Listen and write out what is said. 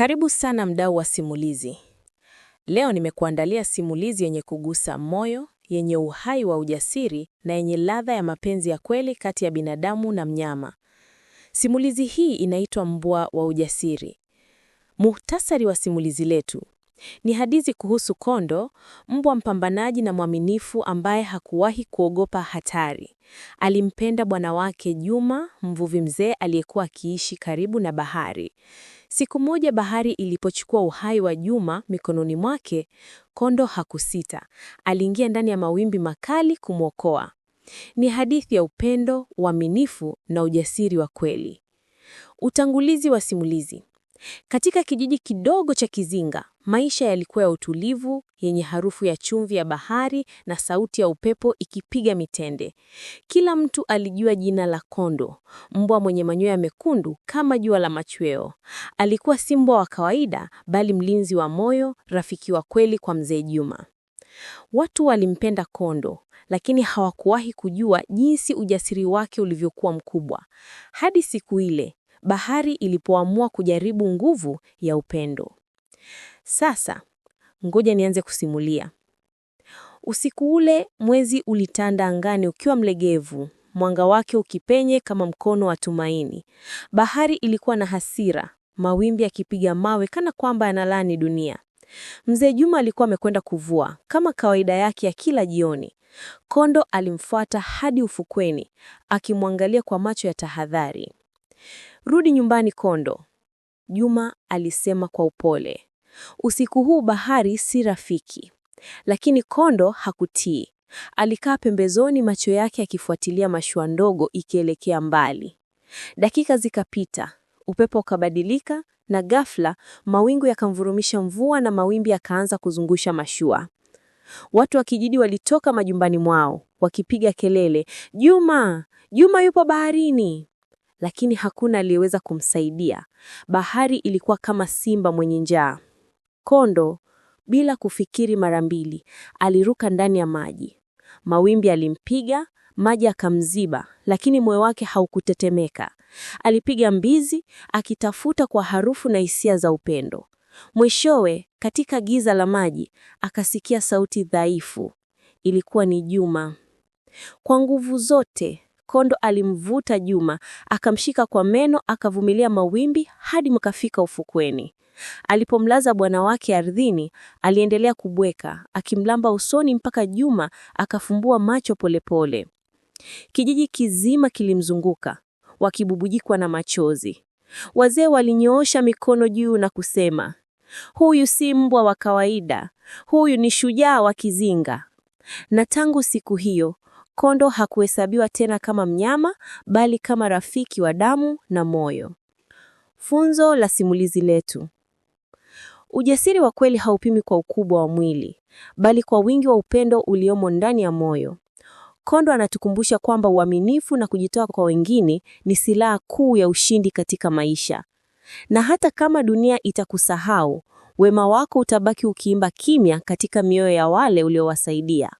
Karibu sana mdau wa simulizi. Leo nimekuandalia simulizi yenye kugusa moyo, yenye uhai wa ujasiri na yenye ladha ya mapenzi ya kweli kati ya binadamu na mnyama. Simulizi hii inaitwa Mbwa wa Ujasiri. Muhtasari wa simulizi letu ni hadithi kuhusu Kondo, mbwa mpambanaji na mwaminifu ambaye hakuwahi kuogopa hatari. Alimpenda bwana wake Juma, mvuvi mzee aliyekuwa akiishi karibu na bahari. Siku moja bahari ilipochukua uhai wa Juma mikononi mwake, Kondo hakusita. Aliingia ndani ya mawimbi makali kumwokoa. Ni hadithi ya upendo, uaminifu na ujasiri wa kweli. Utangulizi wa simulizi. Katika kijiji kidogo cha Kizinga, Maisha yalikuwa ya utulivu, yenye harufu ya chumvi ya bahari na sauti ya upepo ikipiga mitende. Kila mtu alijua jina la Kondo, mbwa mwenye manyoya mekundu kama jua la machweo. Alikuwa si mbwa wa kawaida, bali mlinzi wa moyo, rafiki wa kweli kwa Mzee Juma. Watu walimpenda Kondo, lakini hawakuwahi kujua jinsi ujasiri wake ulivyokuwa mkubwa. Hadi siku ile, bahari ilipoamua kujaribu nguvu ya upendo. Sasa ngoja nianze kusimulia. Usiku ule mwezi ulitanda angani ukiwa mlegevu, mwanga wake ukipenye kama mkono wa tumaini. Bahari ilikuwa na hasira, mawimbi yakipiga mawe kana kwamba yanalaani dunia. Mzee Juma alikuwa amekwenda kuvua kama kawaida yake ya kila jioni. Kondo alimfuata hadi ufukweni, akimwangalia kwa macho ya tahadhari. Rudi nyumbani, Kondo, Juma alisema kwa upole. Usiku huu bahari si rafiki. Lakini kondo hakutii. Alikaa pembezoni, macho yake akifuatilia mashua ndogo ikielekea mbali. Dakika zikapita, upepo ukabadilika, na ghafla mawingu yakamvurumisha mvua na mawimbi yakaanza kuzungusha mashua. Watu wa kijiji walitoka majumbani mwao wakipiga kelele, Juma, Juma yupo baharini! Lakini hakuna aliyeweza kumsaidia. Bahari ilikuwa kama simba mwenye njaa. Kondo, bila kufikiri mara mbili, aliruka ndani ya maji. Mawimbi alimpiga maji akamziba, lakini moyo wake haukutetemeka. Alipiga mbizi akitafuta kwa harufu na hisia za upendo. Mwishowe, katika giza la maji, akasikia sauti dhaifu. Ilikuwa ni Juma. Kwa nguvu zote mkondo alimvuta Juma, akamshika kwa meno, akavumilia mawimbi hadi mkafika ufukweni. Alipomlaza bwana wake ardhini, aliendelea kubweka, akimlamba usoni mpaka Juma akafumbua macho polepole. Kijiji kizima kilimzunguka, wakibubujikwa na machozi. Wazee walinyoosha mikono juu na kusema, huyu si mbwa wa kawaida, huyu ni shujaa wa Kizinga. Na tangu siku hiyo Kondo hakuhesabiwa tena kama mnyama, bali kama rafiki wa damu na moyo. Funzo la simulizi letu: ujasiri wa kweli haupimi kwa ukubwa wa mwili, bali kwa wingi wa upendo uliomo ndani ya moyo. Kondo anatukumbusha kwamba uaminifu na kujitoa kwa wengine ni silaha kuu ya ushindi katika maisha, na hata kama dunia itakusahau, wema wako utabaki ukiimba kimya katika mioyo ya wale uliowasaidia.